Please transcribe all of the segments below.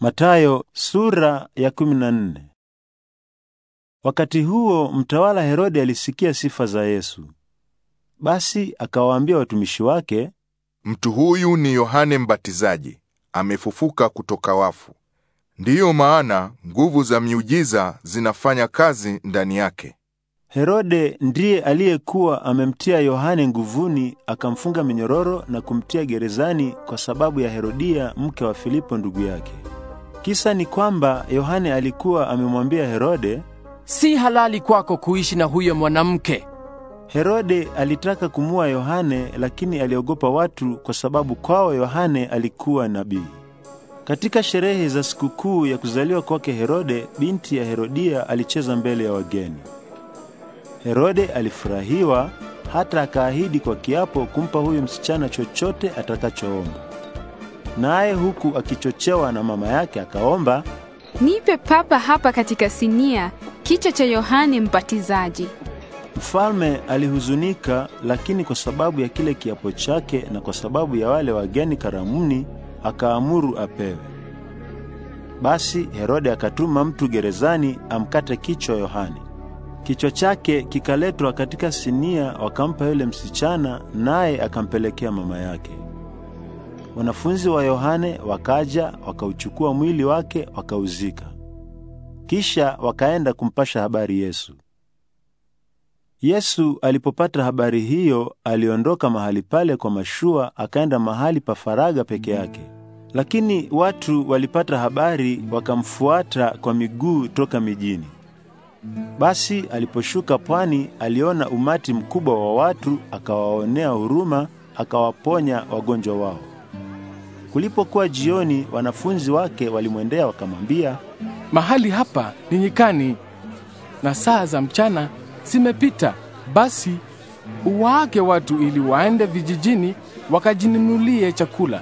Matayo sura ya 14. Wakati huo mtawala Herode alisikia sifa za Yesu. Basi akawaambia watumishi wake, mtu huyu ni Yohane Mbatizaji, amefufuka kutoka wafu. Ndiyo maana nguvu za miujiza zinafanya kazi ndani yake. Herode ndiye aliyekuwa amemtia Yohane nguvuni, akamfunga minyororo na kumtia gerezani kwa sababu ya Herodia mke wa Filipo ndugu yake. Kisa ni kwamba Yohane alikuwa amemwambia Herode, si halali kwako kuishi na huyo mwanamke. Herode alitaka kumua Yohane, lakini aliogopa watu kwa sababu kwao Yohane alikuwa nabii. Katika sherehe za sikukuu ya kuzaliwa kwake Herode, binti ya Herodia alicheza mbele ya wageni. Herode alifurahiwa hata akaahidi kwa kiapo kumpa huyo msichana chochote atakachoomba naye huku akichochewa na mama yake akaomba, nipe papa hapa katika sinia kichwa cha Yohane Mbatizaji. Mfalme alihuzunika, lakini kwa sababu ya kile kiapo chake na kwa sababu ya wale wageni karamuni, akaamuru apewe. Basi Herode akatuma mtu gerezani amkate kichwa Yohane. Kichwa chake kikaletwa katika sinia, wakampa yule msichana, naye akampelekea mama yake wanafunzi wa Yohane wakaja wakauchukua mwili wake wakauzika. Kisha wakaenda kumpasha habari Yesu. Yesu alipopata habari hiyo, aliondoka mahali pale kwa mashua, akaenda mahali pa faraga peke yake. Lakini watu walipata habari, wakamfuata kwa miguu toka mijini. Basi aliposhuka pwani, aliona umati mkubwa wa watu, akawaonea huruma, akawaponya wagonjwa wao. Kulipokuwa jioni, wanafunzi wake walimwendea wakamwambia, mahali hapa ni nyikani na saa za mchana zimepita, basi uwaage watu ili waende vijijini wakajinunulie chakula.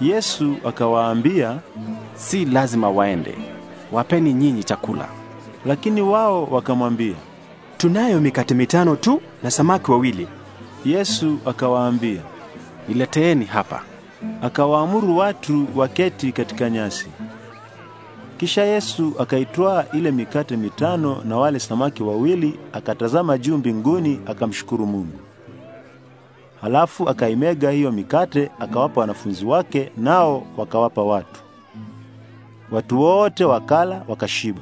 Yesu akawaambia, si lazima waende, wapeni nyinyi chakula. Lakini wao wakamwambia, tunayo mikate mitano tu na samaki wawili. Yesu akawaambia, nileteeni hapa akawaamuru watu waketi katika nyasi. Kisha Yesu akaitwaa ile mikate mitano na wale samaki wawili, akatazama juu mbinguni, akamshukuru Mungu. Halafu akaimega hiyo mikate, akawapa wanafunzi wake, nao wakawapa watu. Watu wote wakala wakashiba.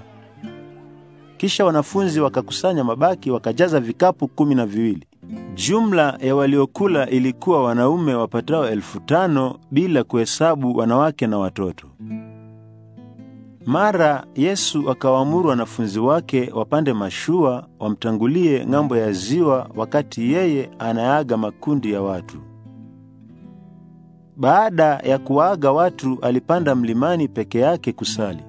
Kisha wanafunzi wakakusanya mabaki, wakajaza vikapu kumi na viwili. Jumla ya waliokula ilikuwa wanaume wapatao elfu tano bila kuhesabu wanawake na watoto. Mara Yesu akawaamuru wanafunzi wake wapande mashua wamtangulie ng'ambo ya ziwa wakati yeye anaaga makundi ya watu. Baada ya kuwaaga watu alipanda mlimani peke yake kusali.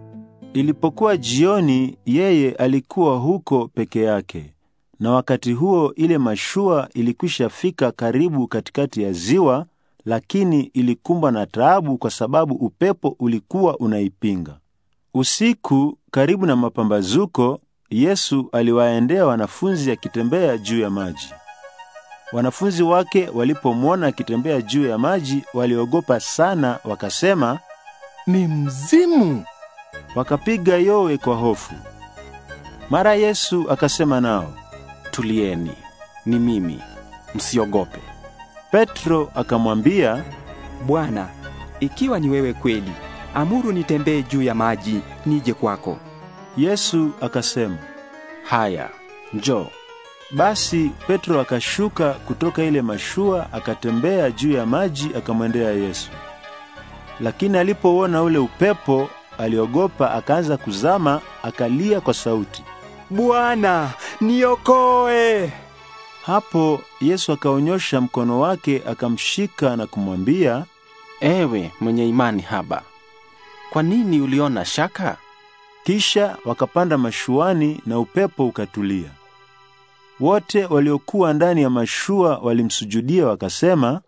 Ilipokuwa jioni yeye alikuwa huko peke yake na wakati huo ile mashua ilikwisha fika karibu katikati ya ziwa, lakini ilikumbwa na taabu kwa sababu upepo ulikuwa unaipinga. Usiku karibu na mapambazuko, Yesu aliwaendea wanafunzi akitembea juu ya maji. Wanafunzi wake walipomwona akitembea juu ya maji, waliogopa sana, wakasema ni mzimu. Wakapiga yowe kwa hofu. Mara Yesu akasema nao tulieni, ni mimi, msiogope. Petro akamwambia, Bwana, ikiwa ni wewe kweli, amuru nitembee juu ya maji nije kwako. Yesu akasema, haya, njoo. Basi Petro akashuka kutoka ile mashua akatembea juu ya maji akamwendea Yesu. Lakini alipouona ule upepo aliogopa, akaanza kuzama, akalia kwa sauti, Bwana, niokoe. Hapo Yesu akaonyosha mkono wake akamshika na kumwambia, ewe mwenye imani haba, kwa nini uliona shaka? Kisha wakapanda mashuani na upepo ukatulia. Wote waliokuwa ndani ya mashua walimsujudia wakasema,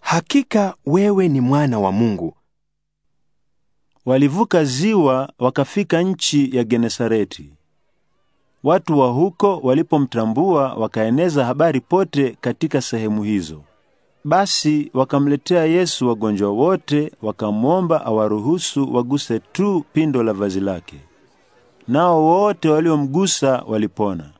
hakika wewe ni mwana wa Mungu. Walivuka ziwa wakafika nchi ya Genesareti. Watu wa huko walipomtambua wakaeneza habari pote katika sehemu hizo. Basi wakamletea Yesu wagonjwa wote, wakamwomba awaruhusu waguse tu pindo la vazi lake. Nao wote waliomgusa walipona.